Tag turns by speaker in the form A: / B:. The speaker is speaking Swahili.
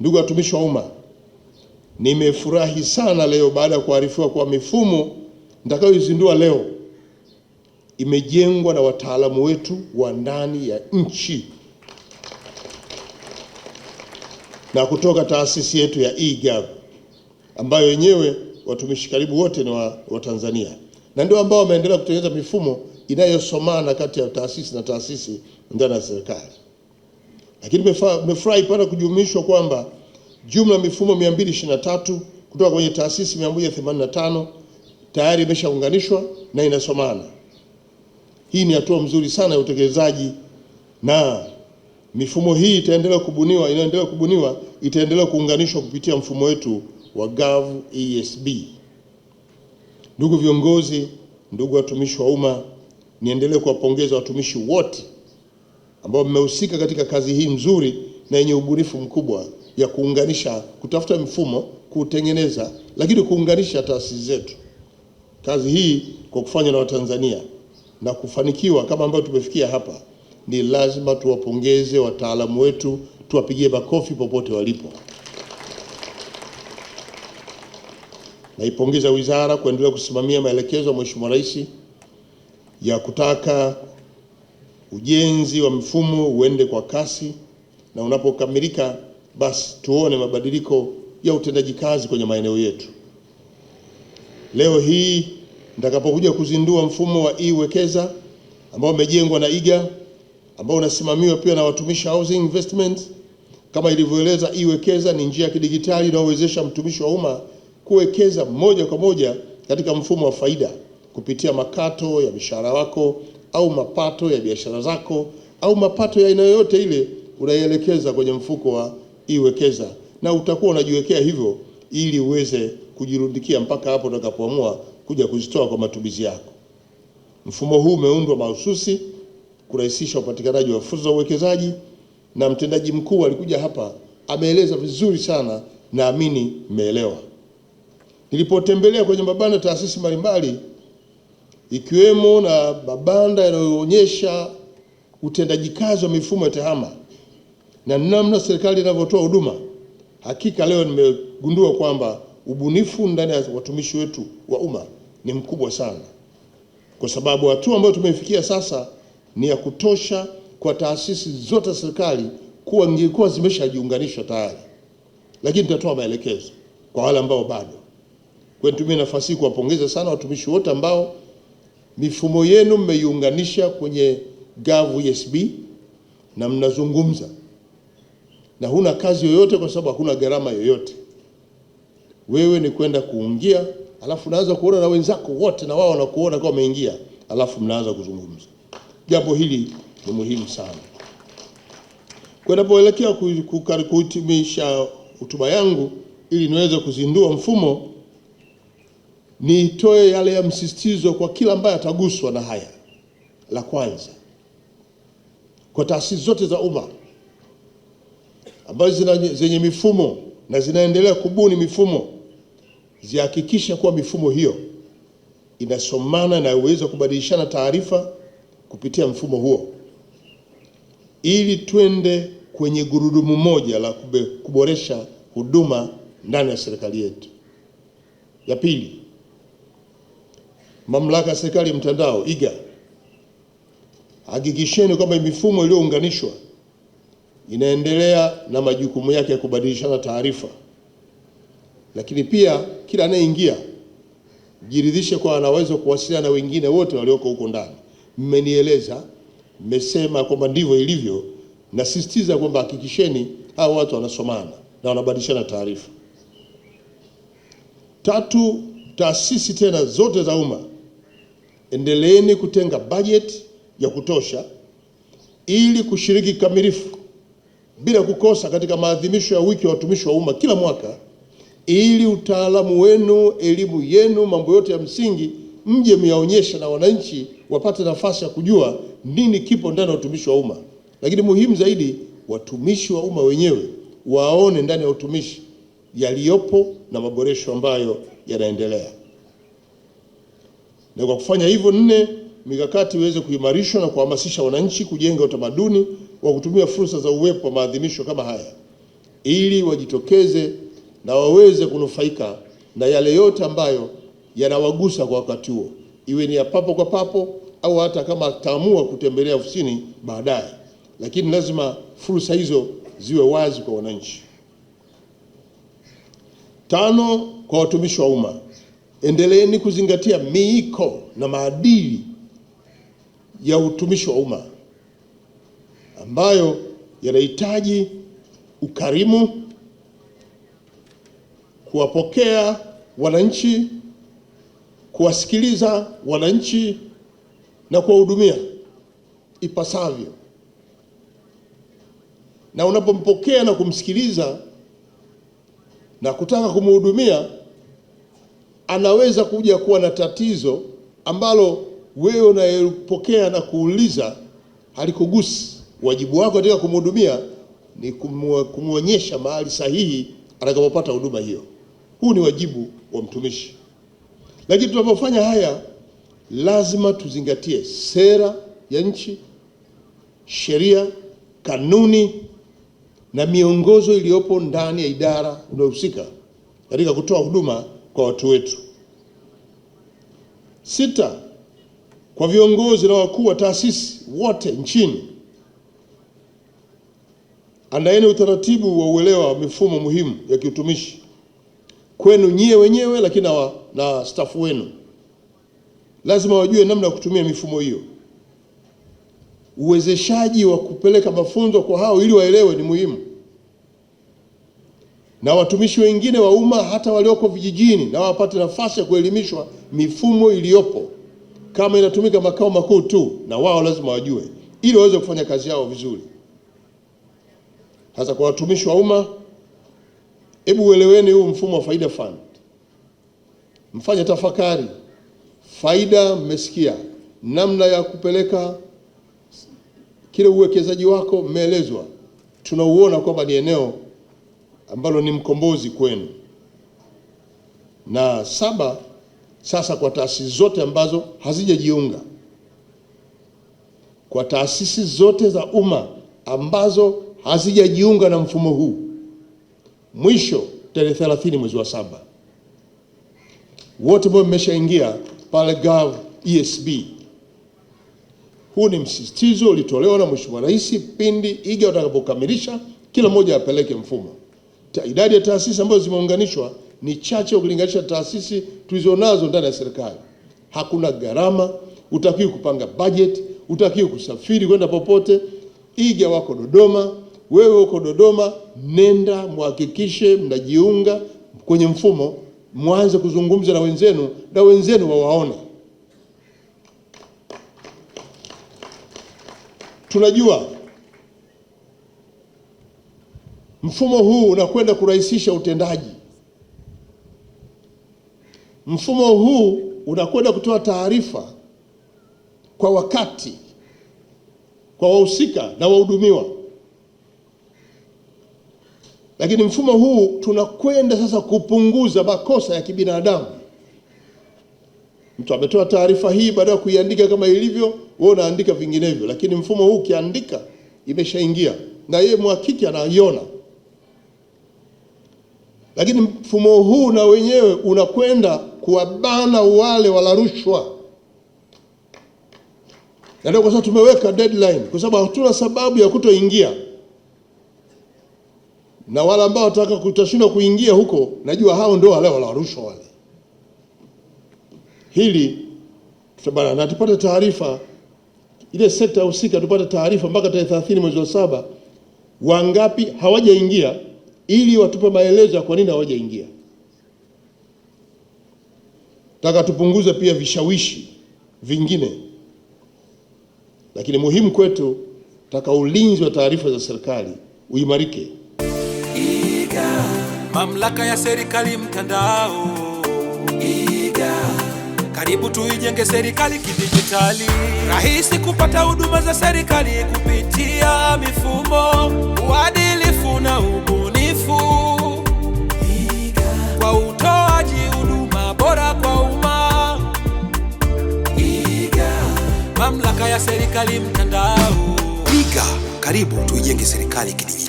A: Ndugu watumishi wa umma, nimefurahi sana leo baada ya kuarifiwa kwa mifumo nitakayoizindua leo imejengwa na wataalamu wetu wa ndani ya nchi na kutoka taasisi yetu ya eGov ambayo wenyewe watumishi karibu wote ni Watanzania wa na ndio ambao wameendelea kutengeneza mifumo inayosomana kati ya taasisi na taasisi ndani ya serikali. Lakini tumefurahi pana kujumlishwa kwamba jumla mifumo 223 kutoka kwenye taasisi 185 tayari imeshaunganishwa na inasomana. Hii ni hatua mzuri sana ya utekelezaji na mifumo hii itaendelea kubuniwa, inaendelea kubuniwa, itaendelea kuunganishwa kupitia mfumo wetu wa ESB. Ndugu viongozi, ndugu watumishi wa umma, niendelee kuwapongeza watumishi wote ambao mmehusika katika kazi hii nzuri na yenye ubunifu mkubwa ya kuunganisha, kutafuta mfumo, kutengeneza, lakini kuunganisha taasisi zetu. Kazi hii kwa kufanywa na Watanzania na kufanikiwa kama ambavyo tumefikia hapa, ni lazima tuwapongeze wataalamu wetu, tuwapigie makofi popote walipo. Naipongeza wizara kuendelea kusimamia maelekezo ya Mheshimiwa Rais ya kutaka ujenzi wa mfumo uende kwa kasi na unapokamilika basi tuone mabadiliko ya utendaji kazi kwenye maeneo yetu. Leo hii nitakapokuja kuzindua mfumo wa e-wekeza ambao umejengwa na IGA ambao unasimamiwa pia na Watumishi Housing Investment. Kama ilivyoeleza, e-wekeza ni njia ya kidigitali inayowezesha mtumishi wa umma kuwekeza moja kwa moja katika mfumo wa faida kupitia makato ya mishahara wako au mapato ya biashara zako au mapato ya aina yoyote ile unaielekeza kwenye mfuko wa iwekeza, na utakuwa unajiwekea hivyo ili uweze kujirundikia mpaka hapo utakapoamua kuja kuzitoa kwa matumizi yako. Mfumo huu umeundwa mahususi kurahisisha upatikanaji wa fursa za uwekezaji, na mtendaji mkuu alikuja hapa ameeleza vizuri sana, naamini mmeelewa. Nilipotembelea kwenye mabanda taasisi mbalimbali ikiwemo na mabanda yanayoonyesha utendaji kazi wa mifumo ya TEHAMA na namna serikali inavyotoa huduma. Hakika leo nimegundua kwamba ubunifu ndani ya watumishi wetu wa umma ni mkubwa sana, kwa sababu hatua ambayo tumefikia sasa ni ya kutosha kwa taasisi zote za serikali kuwa ingekuwa zimeshajiunganisha tayari, lakini tutatoa maelekezo kwa wale ambao bado. Kwa hiyo nitumie nafasi hii kuwapongeza sana watumishi wote ambao mifumo yenu mmeiunganisha kwenye GovESB na mnazungumza, na huna kazi yoyote, kwa sababu hakuna gharama yoyote. Wewe ni kwenda kuingia, alafu unaanza kuona na wenzako wote, na wao wanakuona kama wameingia, alafu mnaanza kuzungumza. Jambo hili ni muhimu sana. Kwenda kuhitimisha hotuba yangu, ili niweze kuzindua mfumo niitoe yale ya msisitizo kwa kila ambaye ataguswa na haya. La kwanza, kwa taasisi zote za umma ambazo zenye mifumo na zinaendelea kubuni mifumo, zihakikisha kuwa mifumo hiyo inasomana na uwezo kubadilishana taarifa kupitia mfumo huo, ili twende kwenye gurudumu moja la kuboresha huduma ndani ya serikali yetu. Ya pili mamlaka ya serikali mtandao iga, hakikisheni kwamba mifumo iliyounganishwa inaendelea na majukumu yake ya kubadilishana taarifa, lakini pia kila anayeingia jiridhishe kwa anaweza kuwasiliana na wengine wote walioko huko ndani. Mmenieleza, mmesema kwamba ndivyo ilivyo. Nasisitiza kwamba hakikisheni hao watu wanasomana na wanabadilishana taarifa. Tatu, taasisi tena zote za umma endeleeni kutenga bajeti ya kutosha ili kushiriki kikamilifu bila kukosa katika maadhimisho ya wiki ya watumishi wa umma kila mwaka, ili utaalamu wenu, elimu yenu, mambo yote ya msingi mje myaonyesha na wananchi wapate nafasi ya kujua nini kipo ndani ya utumishi wa umma. Lakini muhimu zaidi, watumishi wa umma wenyewe waone ndani ya utumishi yaliyopo na maboresho ambayo yanaendelea. Na kwa kufanya hivyo, nne, mikakati iweze kuimarishwa na kuhamasisha wananchi kujenga utamaduni wa kutumia fursa za uwepo wa maadhimisho kama haya ili wajitokeze na waweze kunufaika na yale yote ambayo yanawagusa kwa wakati huo, iwe ni ya papo kwa papo au hata kama ataamua kutembelea ofisini baadaye, lakini lazima fursa hizo ziwe wazi kwa wananchi. Tano, kwa watumishi wa umma Endeleeni kuzingatia miiko na maadili ya utumishi wa umma ambayo yanahitaji ukarimu, kuwapokea wananchi, kuwasikiliza wananchi na kuwahudumia ipasavyo. Na unapompokea na kumsikiliza na kutaka kumhudumia anaweza kuja kuwa na tatizo ambalo wewe unayepokea na kuuliza halikugusi. Wajibu wako katika kumhudumia ni kumwonyesha mahali sahihi atakapopata huduma hiyo. Huu ni wajibu wa mtumishi, lakini tunapofanya haya lazima tuzingatie sera ya nchi, sheria, kanuni na miongozo iliyopo ndani ya idara unayohusika katika kutoa huduma kwa watu wetu. Sita, kwa viongozi na wakuu wa taasisi wote nchini, andaeni utaratibu wa uelewa wa mifumo muhimu ya kiutumishi kwenu nyie wenyewe, lakini na, na stafu wenu lazima wajue namna ya kutumia mifumo hiyo. Uwezeshaji wa kupeleka mafunzo kwa hao ili waelewe ni muhimu na watumishi wengine wa umma hata walioko vijijini na wapate nafasi ya kuelimishwa mifumo iliyopo. Kama inatumika makao makuu tu, na wao lazima wajue, ili waweze kufanya kazi yao vizuri. Hasa kwa watumishi wa umma, hebu ueleweni huu mfumo wa Faida Fund, mfanye tafakari. Faida mmesikia, namna ya kupeleka kile uwekezaji wako mmeelezwa, tunauona kwamba ni eneo ambalo ni mkombozi kwenu, na saba sasa kwa taasisi zote ambazo hazijajiunga, kwa taasisi zote za umma ambazo hazijajiunga na mfumo huu, mwisho tarehe 30 mwezi wa saba, wote ambao mmeshaingia pale gov esb. Huu ni msisitizo ulitolewa na Mheshimiwa Rais pindi iga watakapokamilisha, kila mmoja apeleke mfumo idadi ya taasisi ambazo zimeunganishwa ni chache ukilinganisha taasisi tulizonazo ndani ya serikali. Hakuna gharama, utakiwi kupanga budget, utakiwi kusafiri kwenda popote. Iga wako Dodoma, wewe uko Dodoma, nenda muhakikishe mnajiunga kwenye mfumo, mwanze kuzungumza na wenzenu na wenzenu wawaone. Tunajua Mfumo huu unakwenda kurahisisha utendaji. Mfumo huu unakwenda kutoa taarifa kwa wakati kwa wahusika na wahudumiwa. Lakini mfumo huu tunakwenda sasa kupunguza makosa ya kibinadamu. Mtu ametoa taarifa hii, baada ya kuiandika kama ilivyo, wewe unaandika vinginevyo, lakini mfumo huu ukiandika, imeshaingia na yeye mhakiki anaiona. Lakini mfumo huu na wenyewe unakwenda kuwabana wale wala rushwa, na ndio kwa sababu tumeweka deadline, kwa sababu hatuna sababu ya kutoingia, na wale ambao wataka kutashindwa kuingia huko, najua hao ndio wale wala rushwa wale. Hili tutabana na tupate taarifa ile sekta husika, tupate taarifa mpaka tarehe 30 mwezi wa saba, wangapi hawajaingia ili watupe maelezo ya kwa nini hawajaingia. Nataka tupunguze pia vishawishi vingine, lakini muhimu kwetu, taka ulinzi wa taarifa za serikali uimarike.
B: Iga, mamlaka ya serikali mtandao. Iga, karibu tuijenge serikali kidijitali, rahisi kupata huduma za serikali kupitia mifumo ya serikali mtandao. Piga, karibu tuijenge serikali kidini.